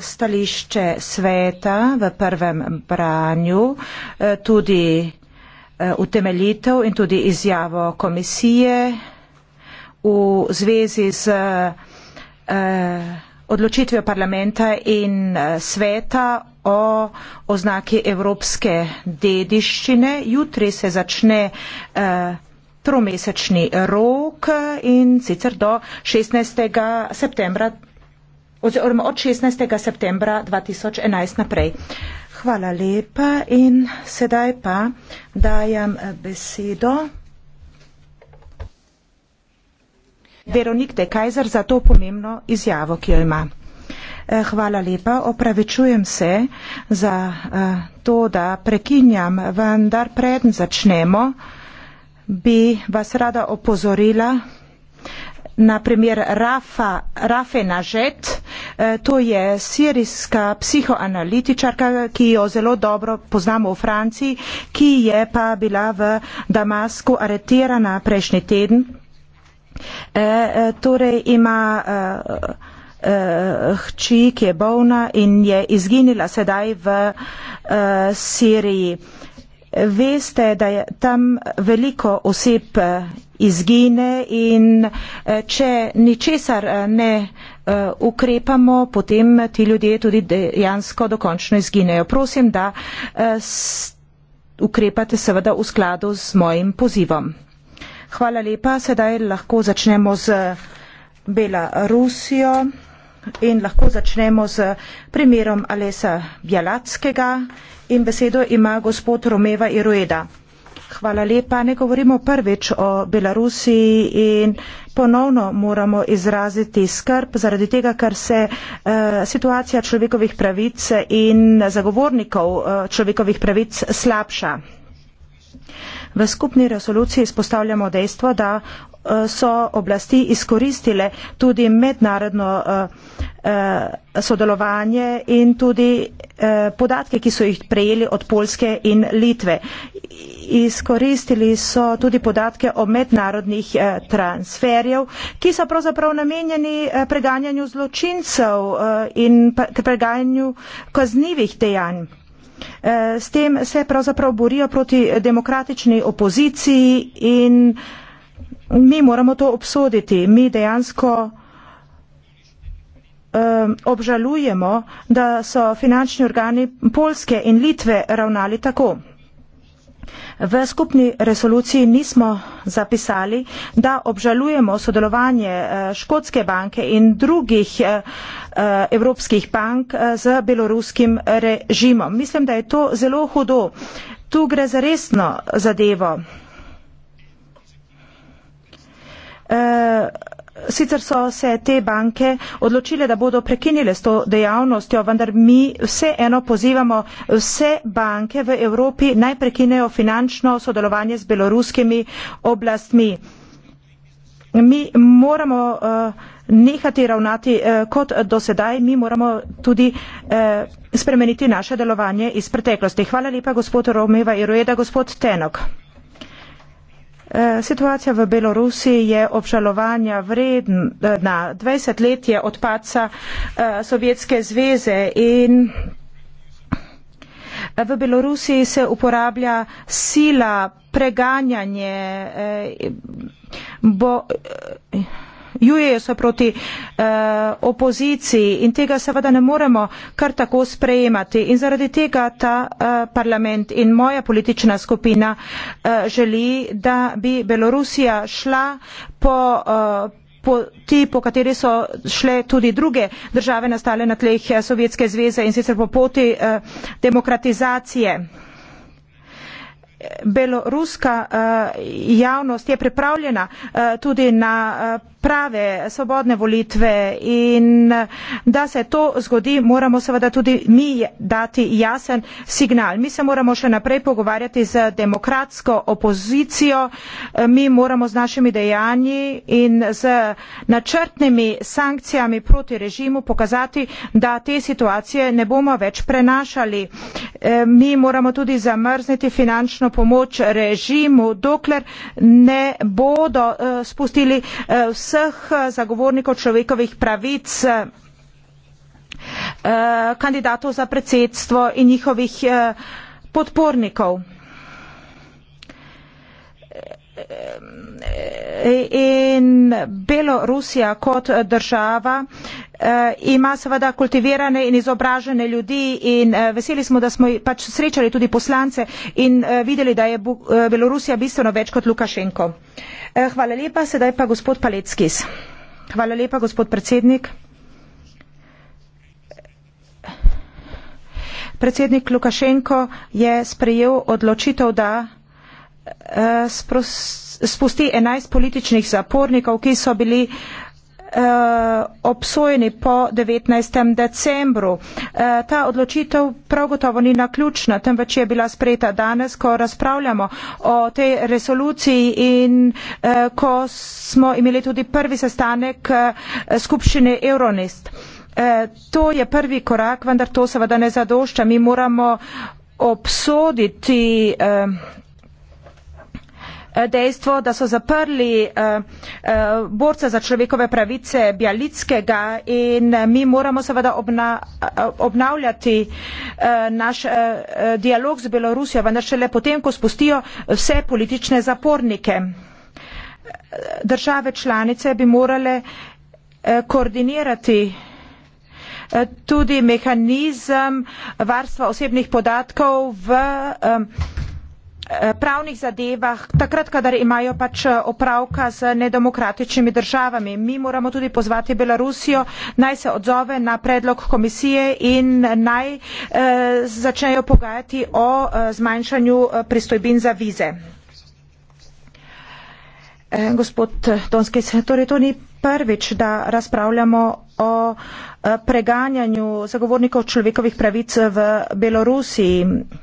stališče sveta v prvem branju, eh, tudi eh, utemeljitev in tudi izjavo komisije v zvezi z eh, odločitvijo parlamenta in sveta o oznaki evropske dediščine. Jutri se začne tromesečni rok in sicer do 16. septembra oziroma od 16. septembra 2011 naprej. Hvala lepa in sedaj pa dajem eh, besedo. Veronik De Kajzer za to pomembno izjavo, ki jo ima. Eh, hvala lepa, opravičujem se za eh, to, da prekinjam, vendar predn začnemo, bi vas rada opozorila, na primjer Rafa, Rafe Nažet, eh, to je sirijska psihoanalitičarka, ki jo zelo dobro poznamo v Franciji, ki je pa bila v Damasku aretirana prejšnji teden. E, torej ima e, e, hči, ki je bolna in je izginila sedaj v e, Siriji. Veste, da je tam veliko oseb izgine in eh, če ničesar eh, ne eh, ukrepamo, potem ti ljudje tudi dejansko dokončno izginejo. Prosim, da ukrepate seveda v skladu z mojim pozivom. Hvala lepa, sedaj lahko začnemo z Belarusijo in lahko začnemo z primerom Alesa Bjalackega in besedo ima gospod Romeva Irueda. Hvala lepa. Ne govorimo prvič o Belarusiji in ponovno moramo izraziti skrb zaradi tega, ker se uh, situacija človekovih pravic in zagovornikov uh, človekovih pravic slabša. V skupni resoluciji izpostavljamo dejstvo, da so oblasti izkoristile tudi mednarodno eh, eh, sodelovanje in tudi eh, podatke, ki so jih prejeli od Polske in Litve. Izkoristili so tudi podatke o mednarodnih transferjev, ki so pravzaprav namenjeni preganjanju zločincev in preganjanju kaznivih dejanj. S tem se pravzaprav borijo proti demokratični opoziciji in Mi moramo to obsoditi. Mi dejansko obžalujemo, da so finančni organi Polske in Litve ravnali tako. V skupni resoluciji nismo zapisali, da obžalujemo sodelovanje eh, Škotske banke in drugih eh, eh, evropskih bank z beloruskim režimom. Mislim, da je to zelo hudo. Tu gre za resno zadevo. Eh, sicer so se te banke odločile, da bodo prekinile s to dejavnostjo, vendar mi vseeno pozivamo vse banke v Evropi naj prekinejo finančno sodelovanje z beloruskimi oblastmi. Mi moramo uh, nehati ravnati uh, kot do sedaj, mi moramo tudi uh, spremeniti naše delovanje iz preteklosti. Hvala lepa, gospod Romeva Irueda, gospod Tenok. Eh, situacija v Belorusiji je obžalovanja vredna. Eh, 20 let je od paca eh, Sovjetske zveze in v Belorusiji se uporablja sila preganjanje. Bo, jujejo se proti eh, opoziciji in tega seveda ne moremo kar tako sprejemati. In zaradi tega ta eh, parlament in moja politična skupina eh, želi, da bi Belorusija šla po. Eh, Po, ti, po kateri so šle tudi druge države nastale na tleh eh, Sovjetske zveze in sicer po poti eh, demokratizacije beloruska eh, javnost je pripravljena eh, tudi na eh, prave svobodne volitve in da se to zgodi, moramo seveda tudi mi dati jasen signal. Mi se moramo še naprej pogovarjati z demokratsko opozicijo, mi moramo z našimi dejanji in z načrtnimi sankcijami proti režimu pokazati, da te situacije ne bomo več prenašali. Mi moramo tudi zamrzniti finančno finančno pomoč režimu, dokler ne bodo eh, spustili eh, vseh eh, zagovornikov človekovih pravic kandidatov za predsedstvo in njihovih podpornikov. In Belorusija kot država Eh, ima seveda kultivirane in izobražene ljudi in eh, veseli smo, da smo pač srečali tudi poslance in eh, videli, da je Belorusija bistveno več kot Lukašenko. Hvala lepa, sedaj pa gospod Paleckis. Hvala lepa, gospod predsednik. Predsednik Lukašenko je sprejel odločitev, da spusti 11 političnih zapornikov, ki so bili uh, Eh, obsojeni po 19. decembru. Eh, ta odločitev prav gotovo ni naključna, temveč je bila sprejeta danes, ko razpravljamo o tej resoluciji in eh, ko smo imeli tudi prvi sestanek skupščine Euronist. To je prvi korak, vendar to seveda ne zadošča. Mi moramo obsoditi dejstvo, da so zaprli eh, eh, borce za človekove pravice Bjalickega in eh, mi moramo seveda obnavljati naš dialog z Belorusijo, vendar šele potem, ko spustijo vse politične zapornike. Države članice bi morale koordinirati tudi mehanizem varstva osebnih podatkov v um Eh, pravnih zadevah, takrat, kadar imajo pač eh, opravka z nedemokratičnimi državami. Mi moramo tudi pozvati Belorusijo, naj se odzove na predlog komisije in naj eh, začnejo pogajati o eh, zmanjšanju eh, pristojbin za vize. Eh, gospod Donski, torej to ni prvič, da razpravljamo o eh, preganjanju zagovornikov človekovih pravic v Belorusiji.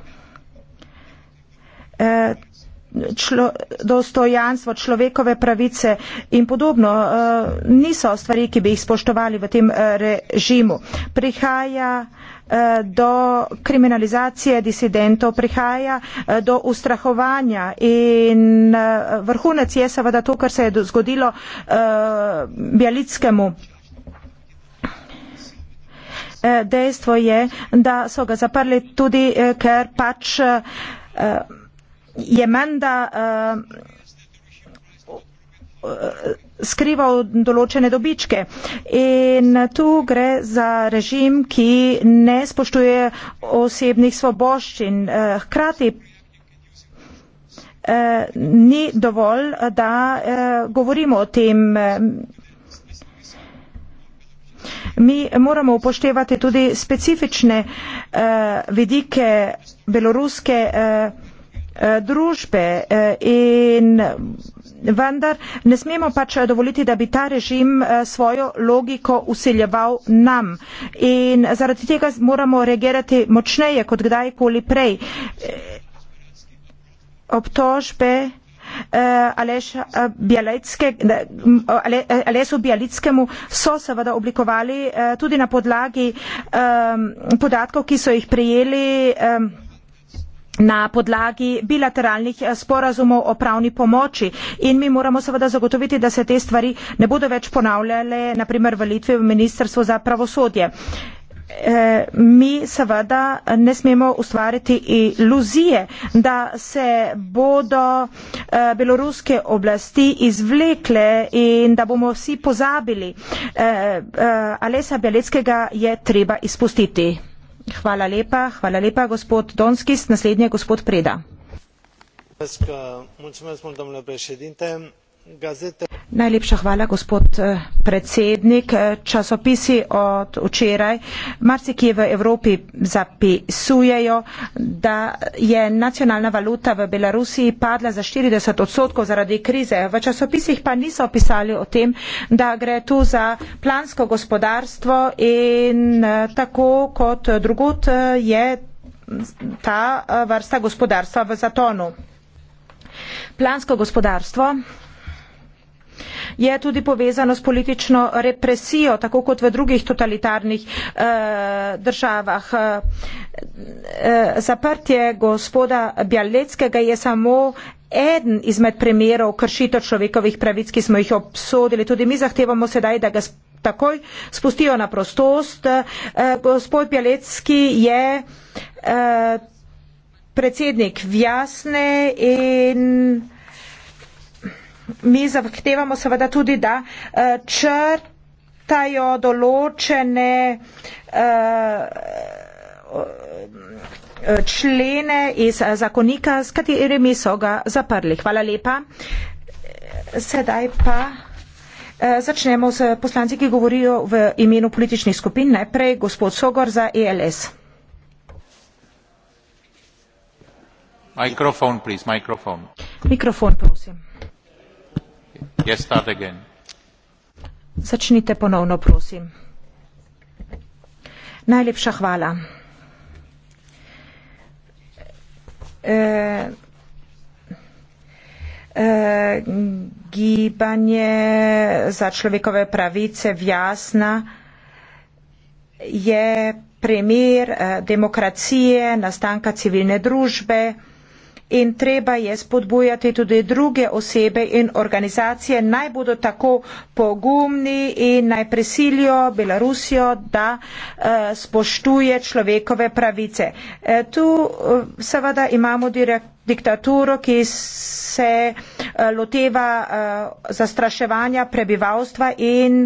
Eh, člo, dostojanstvo, človekove pravice in podobno eh, niso stvari, ki bi jih spoštovali v tem eh, režimu. Prihaja do kriminalizacije disidentov, prihaja do ustrahovanja in vrhunec je seveda to, kar se je zgodilo Bjalickemu. Dejstvo je, da so ga zaprli tudi, ker pač je menda uh, skrival določene dobičke. In tu gre za režim, ki ne spoštuje osebnih svoboščin. Uh, hkrati uh, ni dovolj, da uh, govorimo o tem. Uh, Mi moramo upoštevati tudi specifične uh, vidike beloruske uh, Eh, družbe eh, in vendar ne smemo pač eh, dovoliti, da bi ta režim svojo logiko usiljeval nam. In zaradi tega moramo reagirati močneje kot kdajkoli prej. Obtožbe Alesu Bialickemu so seveda oblikovali tudi na podlagi podatkov, ki so jih prijeli na podlagi bilateralnih eh, sporazumov o pravni pomoči in mi moramo seveda zagotoviti, da se te stvari ne bodo več ponavljale, naprimer v Litvi v Ministrstvu za pravosodje. Eh, mi seveda ne smemo ustvariti iluzije, da se bodo eh, beloruske oblasti izvlekle in da bomo vsi pozabili. Alesa Bjaleckega je treba izpustiti. Hvala lepa. Hvala lepa, gospod Donskis. Naslednji je gospod Preda. Mulțumesc, mulțumesc, domnule președinte. Gazete... Najlepša hvala, gospod eh, predsednik. Eh, časopisi od včeraj marsikje v Evropi zapisujejo, da je nacionalna valuta v Belarusiji padla za 40 odstotkov zaradi krize. V časopisih pa niso pisali o tem, da gre tu za plansko gospodarstvo in eh, tako kot drugot je ta vrsta gospodarstva v zatonu. Plansko gospodarstvo je tudi povezano s politično represijo, tako kot v drugih totalitarnih eh, državah. Eh, eh, zaprtje gospoda Bjaleckega je samo eden izmed primerov kršitev človekovih pravic, ki smo jih obsodili. Tudi mi zahtevamo sedaj, da ga takoj spustijo na prostost. Eh, gospod Bjalecki je predsednik v jasne in Mi zahtevamo seveda tudi, da eh, črtajo določene eh, člene iz eh, zakonika, s katerimi so ga zaprli. Hvala lepa. Sedaj pa začnemo s poslanci, ki govorijo v imenu političnih skupin. Najprej gospod Sogor za ELS. Mikrofon, prosim. Mikrofon, prosim. Najlepša hvala. E, e, gibanje za človekove pravice Vjasna je primer e, demokracije, nastanka civilne družbe, in treba je spodbujati tudi druge osebe in organizacije, naj bodo tako pogumni in naj prisilijo Belorusijo, da eh, spoštuje človekove pravice. Eh, tu eh, seveda imamo direkt diktaturo, ki se loteva zastraševanja prebivalstva in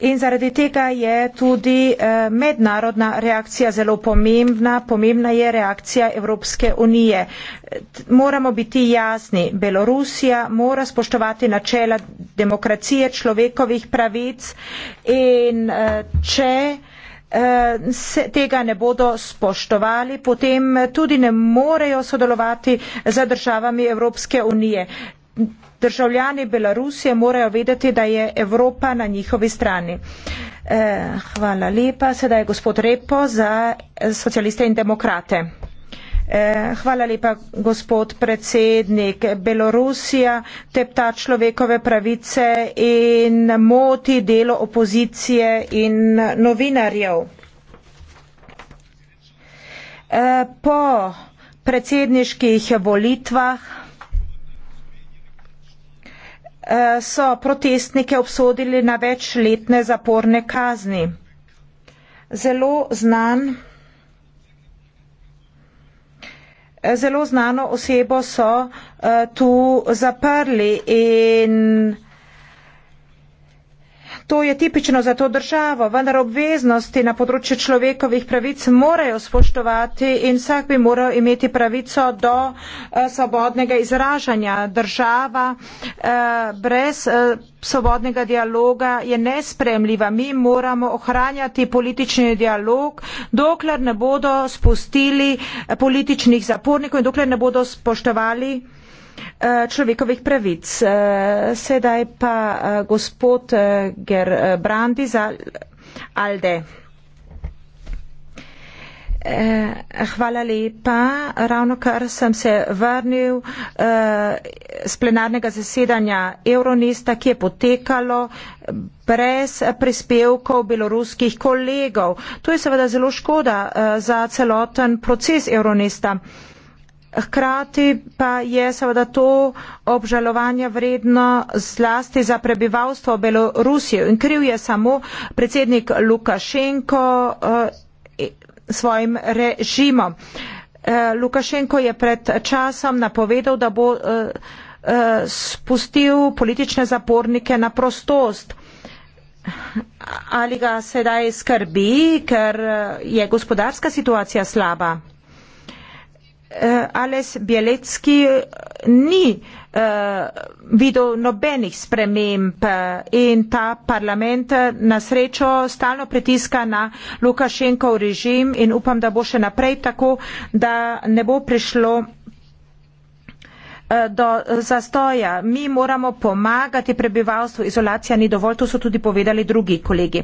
In zaradi tega je tudi eh, mednarodna reakcija zelo pomembna. Pomembna je reakcija Evropske unije. Moramo biti jasni, Belorusija mora spoštovati načela demokracije, človekovih pravic in eh, če eh, se tega ne bodo spoštovali, potem tudi ne morejo sodelovati za državami Evropske unije državljani Belarusije morajo vedeti, da je Evropa na njihovi strani. Eh, hvala lepa. Sedaj je gospod Repo za eh, socialiste in demokrate. Eh, hvala lepa, gospod predsednik. Belorusija tepta človekove pravice in moti delo opozicije in novinarjev. Eh, po predsedniških volitvah so protestnike obsodili na večletne zaporne kazni. Zelo znan. Zelo znano osebo so uh, tu zaprli in To je tipično za to državo, vendar obveznosti na področju človekovih pravic morajo spoštovati in vsak bi moral imeti pravico do eh, svobodnega izražanja. Država eh, brez eh, svobodnega dialoga je nespremljiva. Mi moramo ohranjati politični dialog, dokler ne bodo spustili političnih zapornikov in dokler ne bodo spoštovali Eh, človekovih pravic. Eh, sedaj pa eh, gospod Gerbrandi za Alde. Hvala lepa. Ravno kar sem se vrnil z plenarnega zasedanja Euronista, ki je potekalo brez prispevkov beloruskih kolegov. To je seveda zelo škoda za celoten proces Euronista. Hkrati pa je seveda to obžalovanja vredno zlasti za prebivalstvo Belorusije in kriv je samo predsednik Lukašenko eh, svojim režimom. Eh, Lukašenko je pred časom napovedal, da bo eh, spustil politične zapornike na prostost. Ali ga sedaj skrbi, ker je gospodarska situacija slaba? Eh, ales Bjelecki eh, ni eh, videl nobenih sprememb in ta parlament na srečo stalno pritiska na Lukašenkov režim in upam, da bo še naprej tako, da ne bo prišlo do zastoja. Mi moramo pomagati prebivalstvu, izolacija ni dovolj, to so tudi povedali drugi kolegi.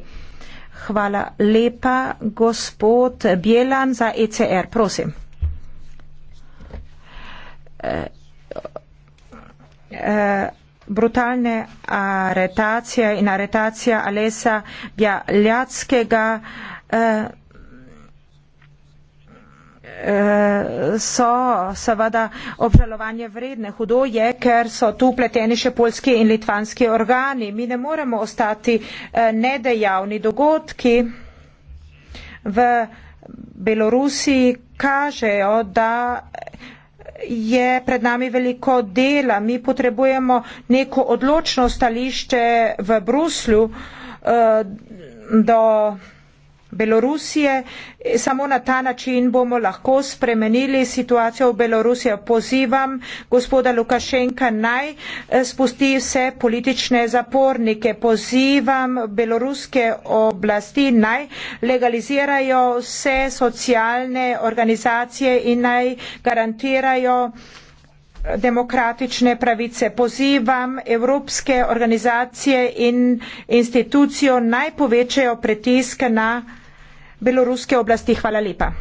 Hvala lepa, gospod Bjelan za ECR, prosim. Eh, eh, brutalne aretacije in aretacija Alesa Bjaljackega eh, so seveda obžalovanje vredne. Hudo je, ker so tu pleteni še polski in litvanski organi. Mi ne moremo ostati nedejavni dogodki v Belorusiji, kažejo, da je pred nami veliko dela. Mi potrebujemo neko odločno stališče v Bruslju uh, do Belorusije. Samo na ta način bomo lahko spremenili situacijo v Belorusiji. Pozivam gospoda Lukašenka naj eh, spusti vse politične zapornike. Pozivam beloruske oblasti naj legalizirajo vse socialne organizacije in naj garantirajo eh, demokratične pravice. Pozivam evropske organizacije in institucijo naj povečajo pritisk na beloruske oblasti. Hvala lepa.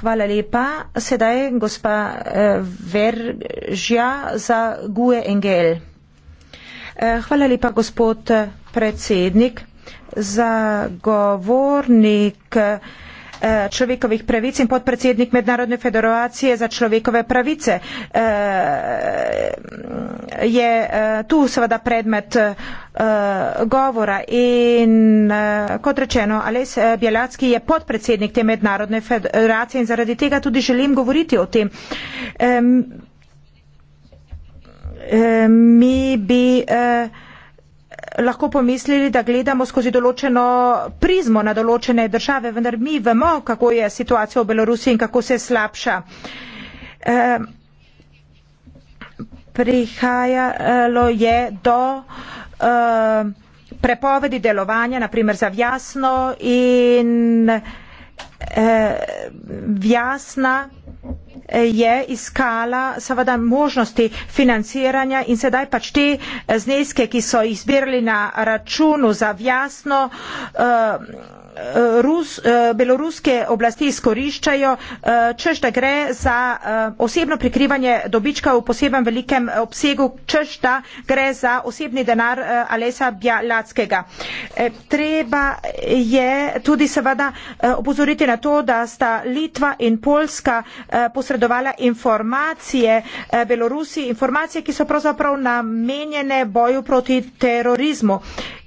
Hvala lepa. Sedaj gospa eh, Veržja za GUE NGL. Eh, hvala lepa, gospod eh, predsednik. Za govornik. Eh, človekovih pravic in podpredsednik Mednarodne federacije za človekove pravice. Eh, je eh, tu seveda predmet govora in kot rečeno, Ales Bjelacki je podpredsednik te Mednarodne federacije in zaradi tega tudi želim govoriti o tem. Mi bi uh, lahko pomislili, da gledamo skozi določeno prizmo na določene države, vendar mi vemo, kako je situacija v Belorusiji in kako se slabša. Prihajalo je do prepovedi delovanja, naprimer za vjasno in vjasna je iskala seveda možnosti financiranja in sedaj pač te zneske, ki so jih zbirali na računu za jasno uh, Rus, eh, beloruske oblasti izkoriščajo, eh, češ da gre za eh, osebno prikrivanje dobička v posebnem velikem obsegu, češ da gre za osebni denar Alesa Bjalackega. Treba je tudi seveda upozoriti na to, da sta Litva in Polska posredovala informacije Belorusi, informacije, ki so pravzaprav namenjene boju proti terorizmu.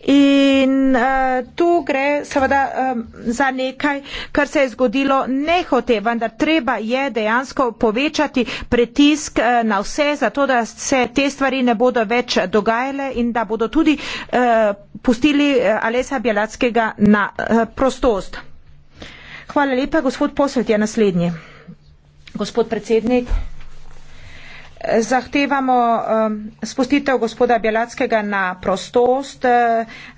In uh, tu gre seveda um, za nekaj, kar se je zgodilo nehote, vendar treba je dejansko povečati pritisk uh, na vse, zato da se te stvari ne bodo več dogajale in da bodo tudi uh, pustili uh, Alesa Bjelackega na uh, prostost. Hvala lepa, gospod posvet je naslednji. Gospod predsednik. Zahtevamo um, spustitev gospoda Bjelackega na prostost, uh,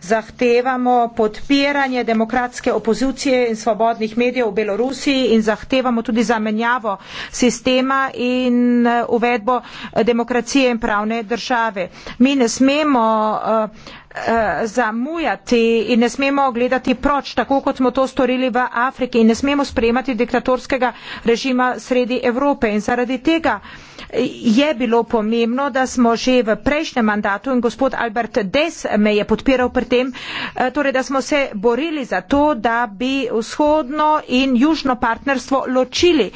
zahtevamo podpiranje demokratske opozicije in svobodnih medijev v Belorusiji in zahtevamo tudi zamenjavo sistema in uh, uvedbo uh, demokracije in pravne države. Mi ne smemo uh, Eh, zamujati in ne smemo gledati proč, tako kot smo to storili v Afriki in ne smemo sprejemati diktatorskega režima sredi Evrope. In zaradi tega eh, je bilo pomembno, da smo že v prejšnjem mandatu in gospod Albert Des me je podpiral pri tem, eh, torej da smo se borili za to, da bi vzhodno in južno partnerstvo ločili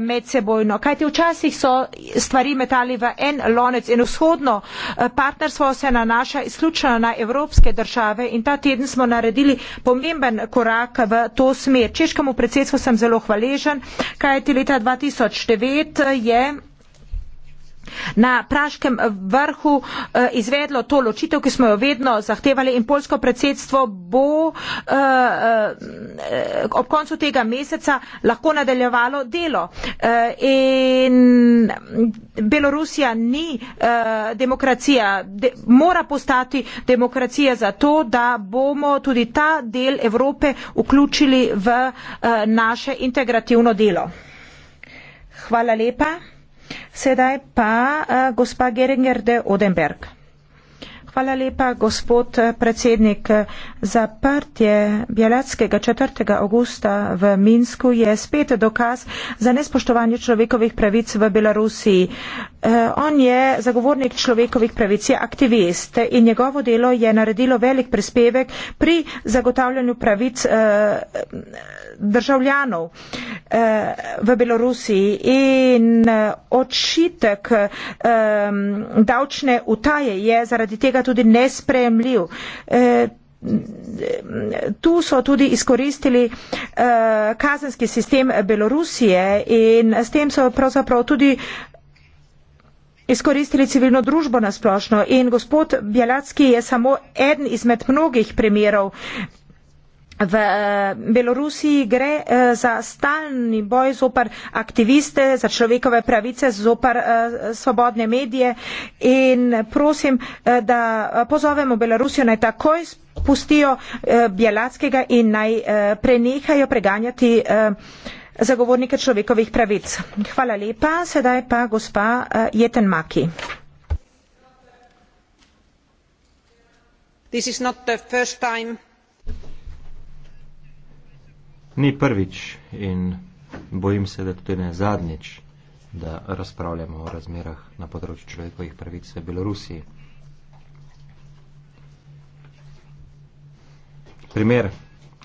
med sebojno. Kajti včasih so stvari metali v en lonec in vzhodno partnerstvo se nanaša izključno na evropske države in ta teden smo naredili pomemben korak v to smer. Češkemu predsedstvu sem zelo hvaležen, kaj ti leta 2009 je na praškem vrhu eh, izvedlo to ločitev, ki smo jo vedno zahtevali in polsko predsedstvo bo eh, eh, ob koncu tega meseca lahko nadaljevalo delo. In Belorusija ni demokracija, mora postati demokracija zato, da bomo tudi ta del Evrope vključili v naše integrativno delo. Hvala lepa. Sedaj pa uh, gospa Geringer de Odenberg. Hvala lepa, gospod predsednik. Zaprtje Bjeletskega 4. augusta v Minsku je spet dokaz za nespoštovanje človekovih pravic v Belorusiji. Eh, on je zagovornik človekovih pravic, je aktivist in njegovo delo je naredilo velik prispevek pri zagotavljanju pravic eh, državljanov eh, v Belorusiji in očitek davčne utaje je zaradi tega tudi nesprejemljiv. E, tu so tudi izkoristili e, kazenski sistem Belorusije in s tem so pravzaprav tudi izkoristili civilno družbo na splošno. In gospod Bjalacki je samo eden izmed mnogih primerov, V eh, Belorusiji gre eh, za stalni boj zopr aktiviste, za človekove pravice, zopr eh, svobodne medije in prosim, da pozovemo Belorusijo naj takoj pustijo Bjelackega in naj prenehajo preganjati zagovornike človekovih pravic. Hvala lepa, sedaj pa gospa Jeten Maki. This is not the first time ni prvič in bojim se, da tudi ne zadnjič, da razpravljamo o razmerah na področju človekovih pravic v Belorusiji. Primer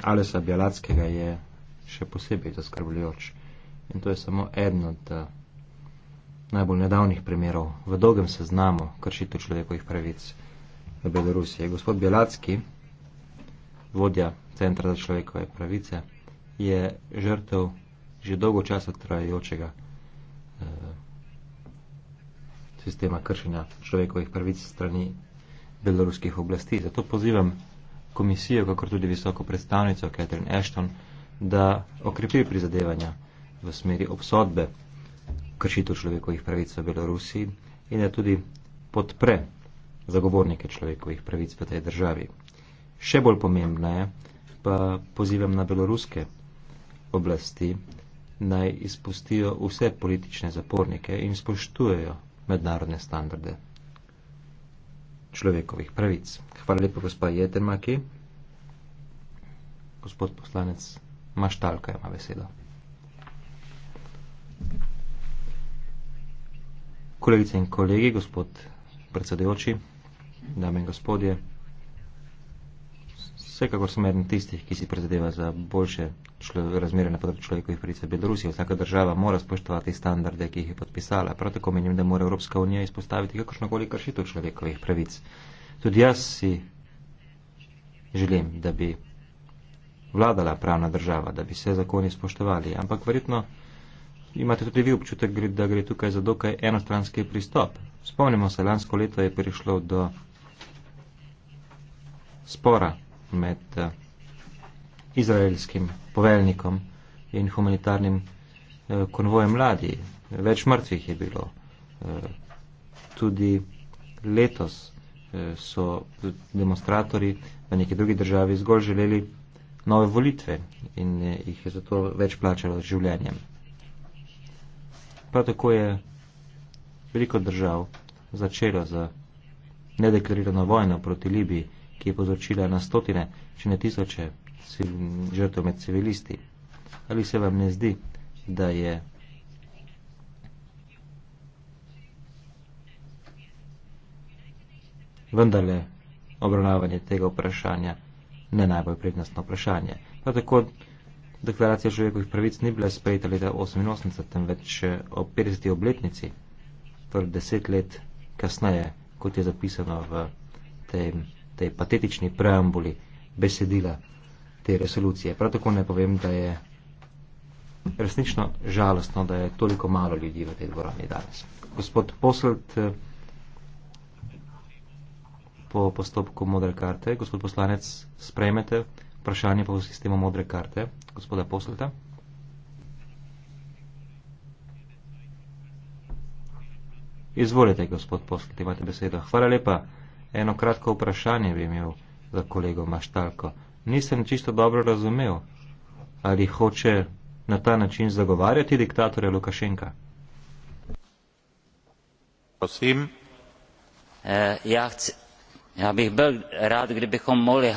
Alesa Bjalackega je še posebej zaskrbljujoč in to je samo eden od eh, najbolj nedavnih primerov v dolgem seznamu kršitev človekovih pravic v Belorusiji. Gospod Bjalacki, vodja Centra za človekove pravice, je žrtev že dolgo časa trajajočega eh, sistema kršenja človekovih pravic strani beloruskih oblasti. Zato pozivam komisijo, kakor tudi visoko predstavnico Catherine Ashton, da okrepi prizadevanja v smeri obsodbe kršitev človekovih pravic v Belorusiji in da tudi podpre zagovornike človekovih pravic v tej državi. Še bolj pomembno je, pa pozivam na beloruske oblasti naj izpustijo vse politične zapornike in spoštujejo mednarodne standarde človekovih pravic. Hvala lepa, gospa Jetemaki. Gospod poslanec Maštalka ima besedo. Kolegice in kolegi, gospod predsedujoči, dame in gospodje. Vsekakor sem eden tistih, ki si prizadeva za boljše razmere na področju človekovih pravic v Belorusiji. Vsaka država mora spoštovati standarde, ki jih je podpisala. Prav tako menim, da mora Evropska unija izpostaviti kakršnokoli kršitev človekovih pravic. Tudi jaz si želim, da bi vladala pravna država, da bi se zakoni spoštovali. Ampak verjetno imate tudi vi občutek, da gre tukaj za dokaj enostranski pristop. Spomnimo se, lansko leto je prišlo do spora med eh, izraelskim poveljnikom in humanitarnim eh, konvojem mladi. Več mrtvih je bilo. Eh, tudi letos so demonstratori v neki drugi državi zgolj želeli nove volitve in jih je zato več plačalo z življenjem. Prav tako je veliko držav začelo za nedeklarirano vojno proti Libiji ki je povzročila na stotine, če ne tisoče žrtev med civilisti. Ali se vam ne zdi, da je vendarle obravnavanje tega vprašanja ne najbolj prednostno vprašanje? Prav tako deklaracija človekovih pravic ni bila sprejeta leta 88, temveč eh, ob 50. obletnici, torej deset let kasneje, kot je zapisano v tem tej patetični preambuli besedila te resolucije. Prav tako ne povem, da je resnično žalostno, da je toliko malo ljudi v tej dvorani danes. Gospod Poslet, po postopku modre karte, gospod poslanec, sprejmete vprašanje po sistemu modre karte, gospoda Posleta. Izvolite, gospod Poslet, imate besedo. Hvala lepa. Eno kratko vprašanje bi imel za kolego Maštalko. Nisem čisto dobro razumel, ali hoče na ta način zagovarjati diktatorja Lukašenka. Prosim. Eh, ja, ja bih bil rad, gre bih omolil.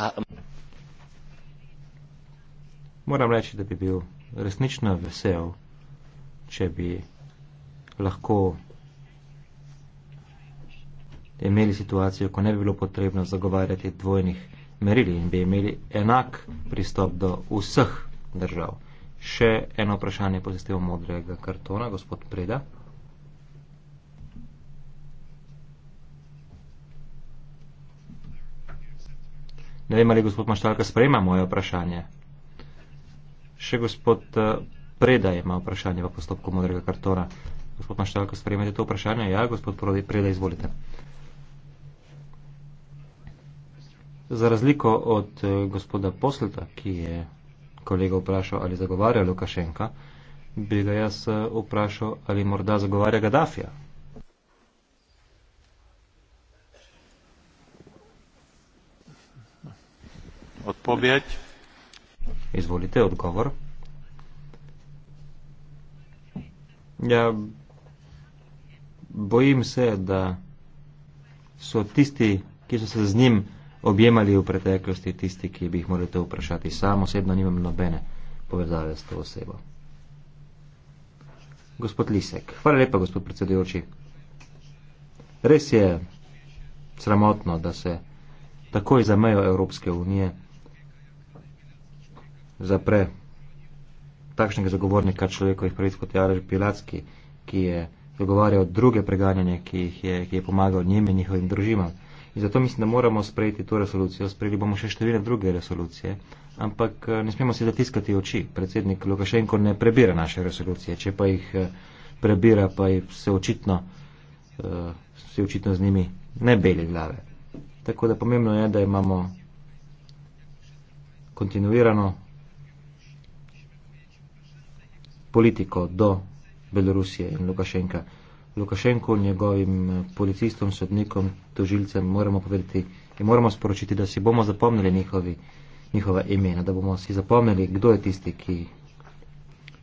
Moram reči, da bi bil resnično vesel, če bi lahko imeli situacijo, ko ne bi bilo potrebno zagovarjati dvojnih merili in bi imeli enak pristop do vseh držav. Še eno vprašanje po sistemu modrega kartona, gospod Preda. Ne vem, ali gospod Maštalka sprejema moje vprašanje. Še gospod eh, Preda ima vprašanje v postopku modrega kartona. Gospod Maštalka, sprejmete to vprašanje? Ja, gospod Preda, izvolite. Za razliko od eh, gospoda Poslta, ki je kolega vprašal, ali zagovarja Lukašenka, bi ga jaz eh, vprašal, ali morda zagovarja Gaddafija. Odpoved. Izvolite odgovor. Ja, bojim se, da so tisti, ki so se z njim objemali v preteklosti tisti, ki bi jih morali vprašati. Sam osebno nimam nobene povezave s to osebo. Gospod Lisek. Hvala lepa, gospod predsedujoči. Res je sramotno, da se takoj za mejo Evropske unije zapre takšnega zagovornika človekovih pravic kot Jarež Pilatski, ki je zagovarjal druge preganjanje, ki, ki je pomagal njim in njihovim družinam. In zato mislim, da moramo sprejeti to resolucijo. Sprejeli bomo še številne druge resolucije, ampak eh, ne smemo si zatiskati oči. Predsednik Lukašenko ne prebira naše resolucije. Če pa jih eh, prebira, pa jih se očitno, eh, se očitno z njimi ne beli glave. Tako da pomembno je, da imamo kontinuirano politiko do Belorusije in Lukašenka. Lukašenko, njegovim eh, policistom, sodnikom, tožilcem moramo povedati in moramo sporočiti, da si bomo zapomnili njihovi, njihova imena, da bomo si zapomnili, kdo je tisti, ki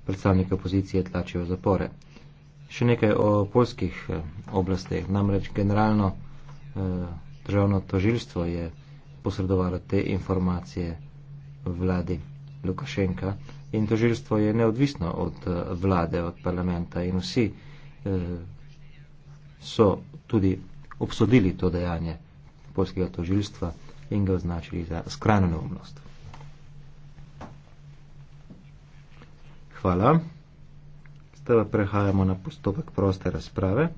predstavnike opozicije tlačijo v zapore. Še nekaj o polskih eh, oblasteh. Namreč generalno eh, državno tožilstvo je posredovalo te informacije vladi Lukašenka in tožilstvo je neodvisno od vlade, od parlamenta in vsi so tudi obsodili to dejanje polskega tožilstva in ga označili za skrajno neumnost. Hvala. Zdaj pa prehajamo na postopek proste razprave.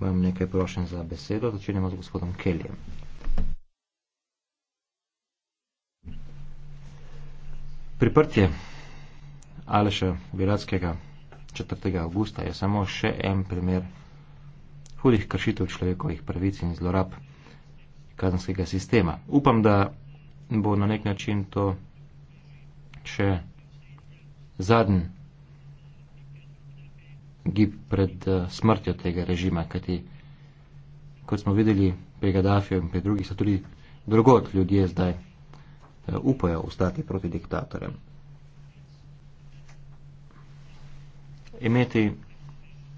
Imam nekaj prošen za besedo. Začenjamo z gospodom Kelijem. Priprtje Aleša Biratskega 4. avgusta je samo še en primer hudih kršitev človekovih pravic in zlorab kazanskega sistema. Upam, da bo na nek način to še zadnji gib pred eh, smrtjo tega režima, kajti kot smo videli pri Gaddafiju in pri drugih, so tudi drugot ljudje zdaj eh, upajo ustati proti diktatorjem. imeti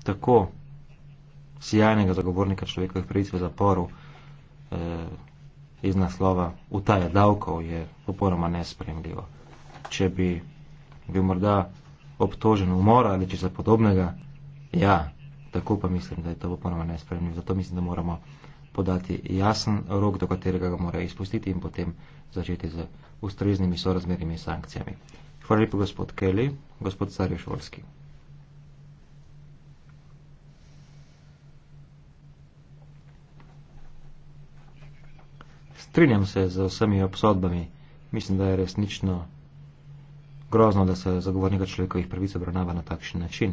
tako sijajnega zagovornika človekovih pravic v zaporu eh, iz naslova utaja davkov je popolnoma nesprejemljivo. Če bi bil morda obtožen umora ali česa podobnega, ja, tako pa mislim, da je to popolnoma nesprejemljivo. Zato mislim, da moramo podati jasen rok, do katerega ga morajo izpustiti in potem začeti z ustreznimi sorazmernimi sankcijami. Hvala lepa, gospod Kelly, gospod Sarjo Šolski. Strinjam se z vsemi obsodbami. Mislim, da je resnično grozno, da se zagovornika človekovih pravic obravnava na takšen način.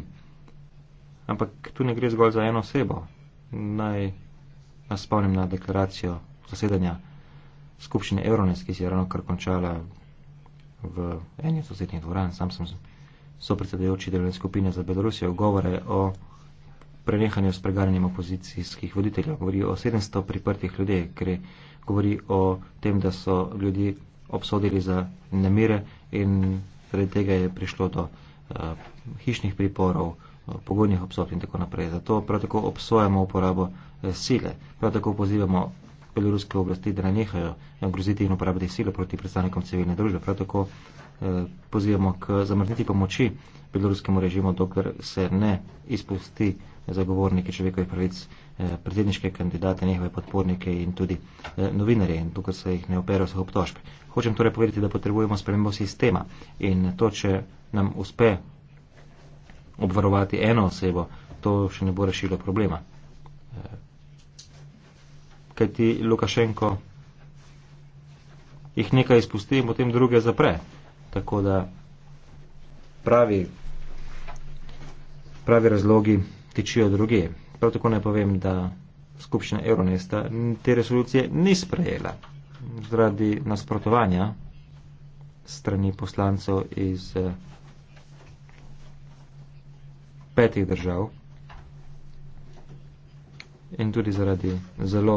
Ampak tu ne gre zgolj za eno osebo. Naj nas spomnim na deklaracijo zasedanja skupščine Euronews, ki se je ravno kar končala v eni od sosednjih dvoran. Sam sem so predsedajoči delovne skupine za Belorusijo govore o prenehanju s preganjanjem opozicijskih voditeljev. Govori o 700 priprtih ljudeh, ker govori o tem, da so ljudi obsodili za nemire in pred tega je prišlo do uh, hišnih priporov, eh, pogodnih obsob in tako naprej. Zato prav tako obsojamo uporabo uh, sile, prav tako pozivamo beloruske oblasti, da ne nehajo groziti in uporabiti sile proti predstavnikom civilne družbe, prav tako pozivamo k zamrniti pomoči beloruskemu režimu, dokler se ne izpusti zagovorniki človekovih pravic, eh, predsedniške kandidate, njihove podpornike in tudi eh, novinarje in dokler se jih ne opere vseh obtožb. Hočem torej povedati, da potrebujemo spremembo sistema in to, če nam uspe obvarovati eno osebo, to še ne bo rešilo problema. Eh, Kaj ti Lukašenko jih nekaj izpusti in potem druge zapre. Tako da pravi, pravi razlogi tičijo druge. Prav tako ne povem, da skupščina Euronesta te resolucije ni sprejela zaradi nasprotovanja strani poslancev iz eh, petih držav in tudi zaradi zelo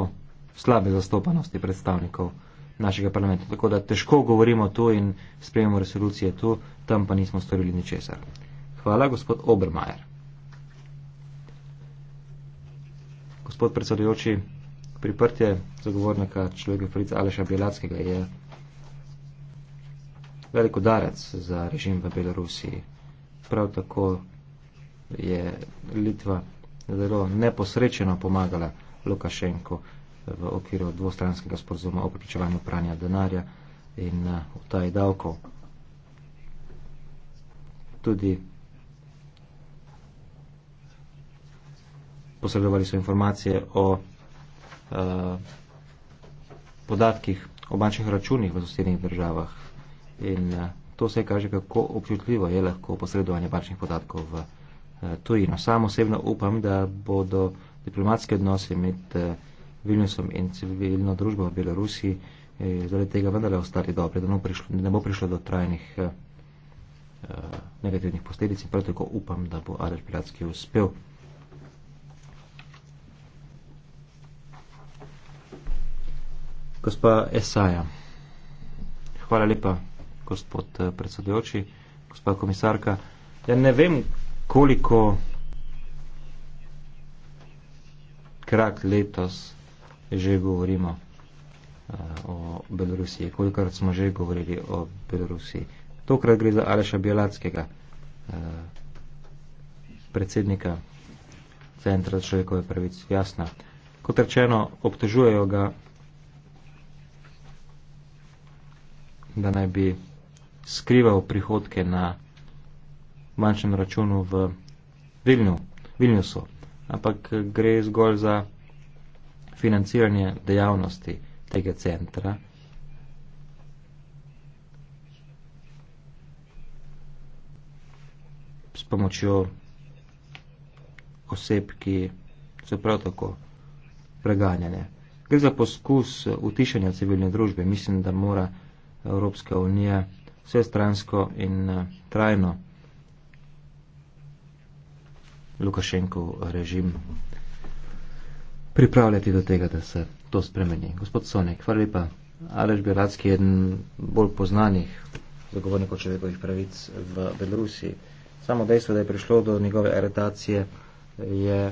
slabe zastopanosti predstavnikov našega parlamenta. Tako da težko govorimo tu in sprejemo resolucije tu, tam pa nismo storili ničesar. Hvala, gospod Obermajer. Gospod predsedujoči, priprtje zagovornika človeka Felica Aleša Bjelackega je veliko darec za režim v Belorusiji. Prav tako je Litva zelo neposrečeno pomagala Lukašenko v okviru dvostranskega sporozuma o preprečevanju pranja denarja in eh, utaje davkov. Tudi posredovali so informacije o a, eh, podatkih o bančnih računih v sosednjih državah in a, eh, to se kaže, kako občutljivo je lahko posredovanje bančnih podatkov v a, tujino. Sam osebno upam, da bodo diplomatske odnose med a, Vilniusom in civilno družbo v Belorusiji eh, zaradi tega vendarle ostali dobri, da ne bo prišlo do trajnih eh, eh, negativnih posledic in prav tako upam, da bo Aleš Piratski uspel. Gospa Esaja, hvala lepa, gospod predsedujoči, gospa komisarka. Ja ne vem, koliko krak letos že govorimo uh, o Belorusiji, kolikor smo že govorili o Belorusiji. Tokrat gre za Aleša Bielackega, uh, eh, predsednika Centra za človekove pravice. Jasno. Kot rečeno, obtežujejo ga, da naj bi skrival prihodke na bančnem računu v Vilnju. Vilnjusu. Ampak eh, gre zgolj za financiranje dejavnosti tega centra. S pomočjo oseb, ki so prav tako preganjene. Gre za poskus utišanja civilne družbe. Mislim, da mora Evropska unija vse stransko in eh, trajno Lukašenkov režim pripravljati do tega, da se to spremeni. Gospod Sonek, hvala lepa. Aleš Bjelacki je eden bolj poznanih zagovornikov človekovih pravic v Belorusiji. Samo dejstvo, da je prišlo do njegove aretacije, je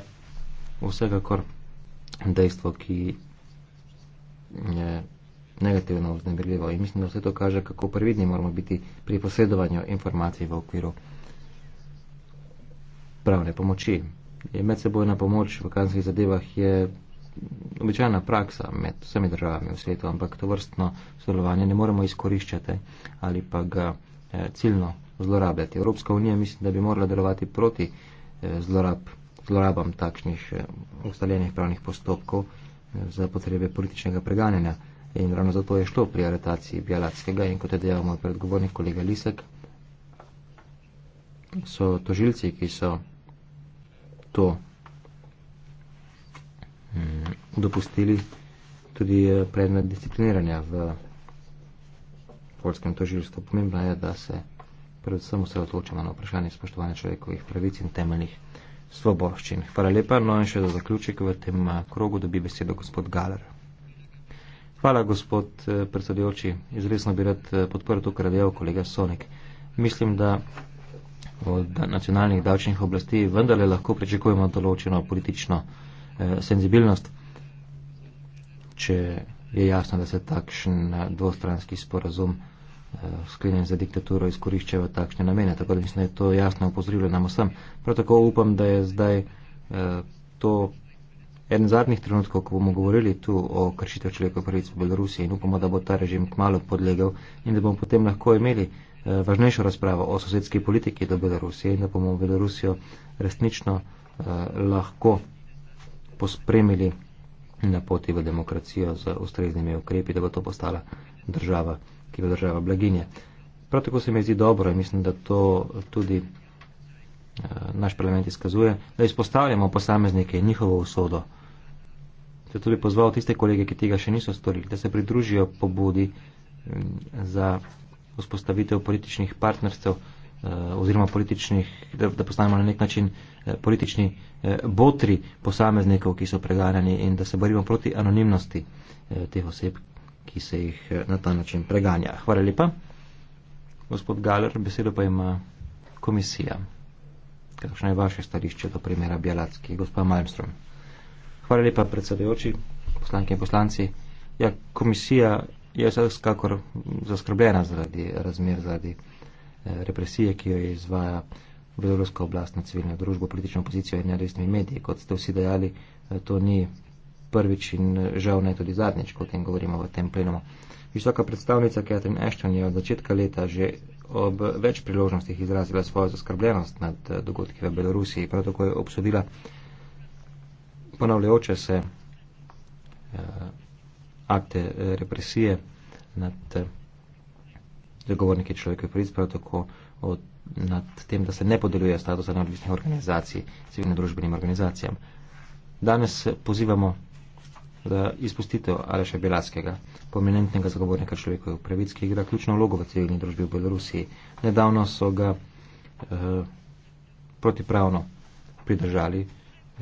vsekakor dejstvo, ki je negativno vznemirljivo. In mislim, da vse to kaže, kako previdni moramo biti pri posedovanju informacij v okviru pravne pomoči. In medsebojna pomoč v kazenskih zadevah je običajna praksa med vsemi državami v svetu, ampak to vrstno sodelovanje ne moremo izkoriščati ali pa ga eh, ciljno zlorabljati. Evropska unija mislim, da bi morala delovati proti eh, zlorab, zlorabam takšnih eh, ustaljenih pravnih postopkov za potrebe političnega preganjanja. In ravno zato je šlo pri aretaciji Bjalackega in kot je dejal moj predgovornik kolega Lisek, so tožilci, ki so to mm, dopustili tudi eh, predmet discipliniranja v polskem toživstvu. Pomembno je, da se predvsem vse odločimo na vprašanje spoštovanja človekovih pravic in temeljnih svoboščin. Hvala lepa. No in še za zaključek v tem eh, krogu dobi besedo gospod Galer. Hvala, gospod eh, predsedujoči. Izresno bi rad podprl to, kar je dejal kolega Sonik. Mislim, da od nacionalnih davčnih oblasti, vendarle lahko pričakujemo določeno politično eh, senzibilnost, če je jasno, da se takšen eh, dvostranski sporazum eh, sklenjen za diktaturo izkorišča v takšne namene. Tako da mislim, da je to jasno upozorilo nam vsem. Prav tako upam, da je zdaj eh, to. Eden zadnjih trenutkov, ko bomo govorili tu o kršitev človekov pravic v Belorusiji in upamo, da bo ta režim kmalo podlegel in da bomo potem lahko imeli važnejšo razpravo o sosedski politiki do Belorusije in da bomo Belorusijo resnično eh, lahko pospremili na poti v demokracijo z ustreznimi ukrepi, da bo to postala država, ki bo država blaginje. Prav tako se mi zdi dobro in mislim, da to tudi eh, naš parlament izkazuje, da izpostavljamo posameznike in njihovo usodo. Zato bi pozval tiste kolege, ki tega še niso storili, da se pridružijo pobudi mm, za vzpostavitev političnih partnerstev eh, oziroma političnih, da postanemo na nek način eh, politični eh, botri posameznikov, ki so preganjani in da se borimo proti anonimnosti teh oseb, ki se jih na ta način preganja. Hvala lepa. Gospod Galer, besedo pa ima komisija. Kakšno je vaše stališče do primera Bjalacki? Gospod Malmström. Hvala lepa, predsedujoči, poslanke in poslanci. Ja, komisija je vsekakor zaskrbljena zaradi razmer, zaradi eh, represije, ki jo izvaja belorusko oblast na civilno družbo, politično opozicijo in neodvisni mediji. Kot ste vsi dejali, eh, to ni prvič in eh, žal ne tudi zadnjič, kot jim govorimo v tem plenumu. Visoka predstavnica Catherine Ashton je od začetka leta že ob več priložnostih izrazila svojo zaskrbljenost nad dogodki v Belorusiji, prav tako je obsodila ponavljajoče se akte eh, represije nad eh, zagovorniki človekovih pravic, prav tako od, nad tem, da se ne podeljuje statusa neodvisnih organizacij civilno družbenim organizacijam. Danes eh, pozivamo za izpustitev Aleša Belaskega, pomenentnega zagovornika človekovih pravic, ki igra ključno vlogo v civilni družbi v Belorusiji. Nedavno so ga eh, protipravno pridržali.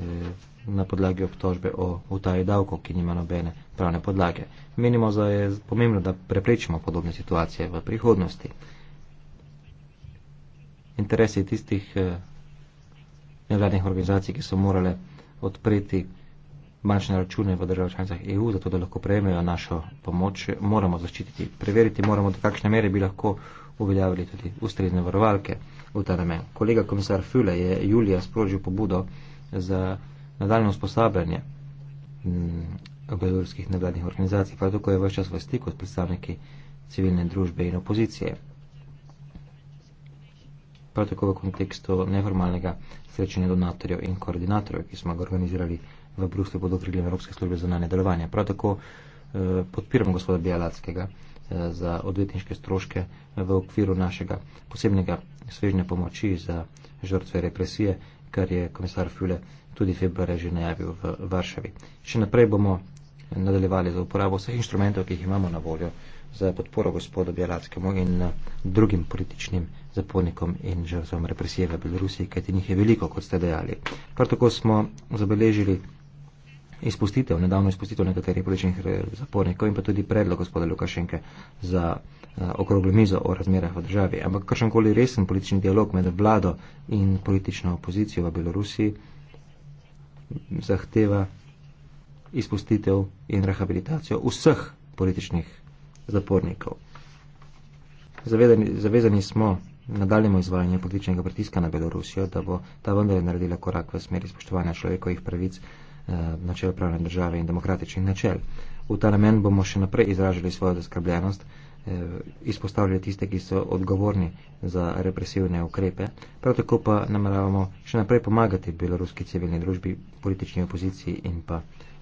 Eh, na podlagi obtožbe o utaji davkov, ki nima nobene pravne podlage. Menimo, da je pomembno, da preprečimo podobne situacije v prihodnosti. Interesi tistih eh, nevladnih organizacij, ki so morale odpreti bančne račune v državah članicah EU, zato da lahko prejmejo našo pomoč, moramo zaščititi. Preveriti moramo, do kakšne mere bi lahko uveljavili tudi ustrezne varovalke v ta namen. Kolega komisar Füle je julija sprožil pobudo za nadaljno usposabljanje mm, obedorskih nevladnih organizacij, prav tako je vse čas v stiku s predstavniki civilne družbe in opozicije. Prav tako v kontekstu neformalnega srečanja donatorjev in koordinatorjev, ki smo ga organizirali v Bruslju pod okriljem Evropske službe za nane delovanje. Prav tako eh, podpiramo gospoda Bialackega eh, za odvetniške stroške eh, v okviru našega posebnega svežne pomoči za žrtve represije, kar je komisar Fjule eh, tudi februarja že najavil v Varšavi. Še naprej bomo nadaljevali za uporabo vseh inštrumentov, ki jih imamo na voljo za podporo gospodu Bjelackemu in eh, drugim političnim zapornikom in žrtvam represije v Belorusiji, kajti njih je veliko, kot ste dejali. Prav tako smo zabeležili izpustitev, nedavno izpustitev nekaterih političnih eh, zapornikov in pa tudi predlog gospoda Lukašenke za eh, okroglo mizo o razmerah v državi. Ampak kakšenkoli resen politični dialog med vlado in politično opozicijo v Belorusiji zahteva izpustitev in rehabilitacijo vseh političnih zapornikov. Zavedani, zavezani smo nadaljemo izvajanje političnega pritiska na Belorusijo, da bo ta vendar naredila korak v smeri spoštovanja človekovih pravic, eh, načel pravne države in demokratičnih načel. V ta namen bomo še naprej izražali svojo zaskrbljenost Eh, izpostavlja tiste, ki so odgovorni za represivne ukrepe. Prav tako pa nameravamo še naprej pomagati beloruski civilni družbi, politični opoziciji in pa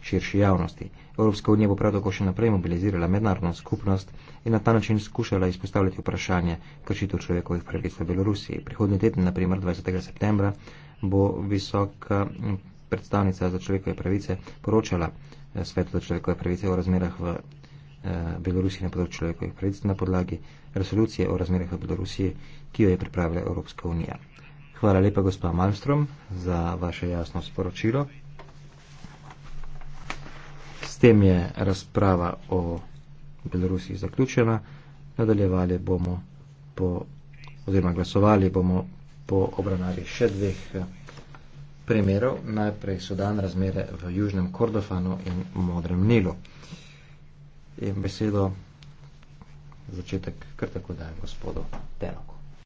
širši javnosti. Evropska unija bo prav tako še naprej mobilizirala mednarodno skupnost in na ta način skušala izpostavljati vprašanje kršitev človekovih pravic v Belorusiji. Prihodnji teden, na primer 20. septembra, bo visoka predstavnica za človekove pravice poročala eh, svetu za človekove pravice o razmerah v Eh, Belorusije na področju človekovih pravic na podlagi resolucije o razmerah v Belorusiji, ki jo je pripravila Evropska unija. Hvala lepa, gospa Malmstrom, za vaše jasno sporočilo. S tem je razprava o Belorusiji zaključena. Nadaljevali bomo po, oziroma glasovali bomo po obravnavi še dveh eh, primerov. Najprej so dan razmere v Južnem Kordofanu in Modrem Nilu besedo, začetek, kar tako dajem gospodu Tenoku.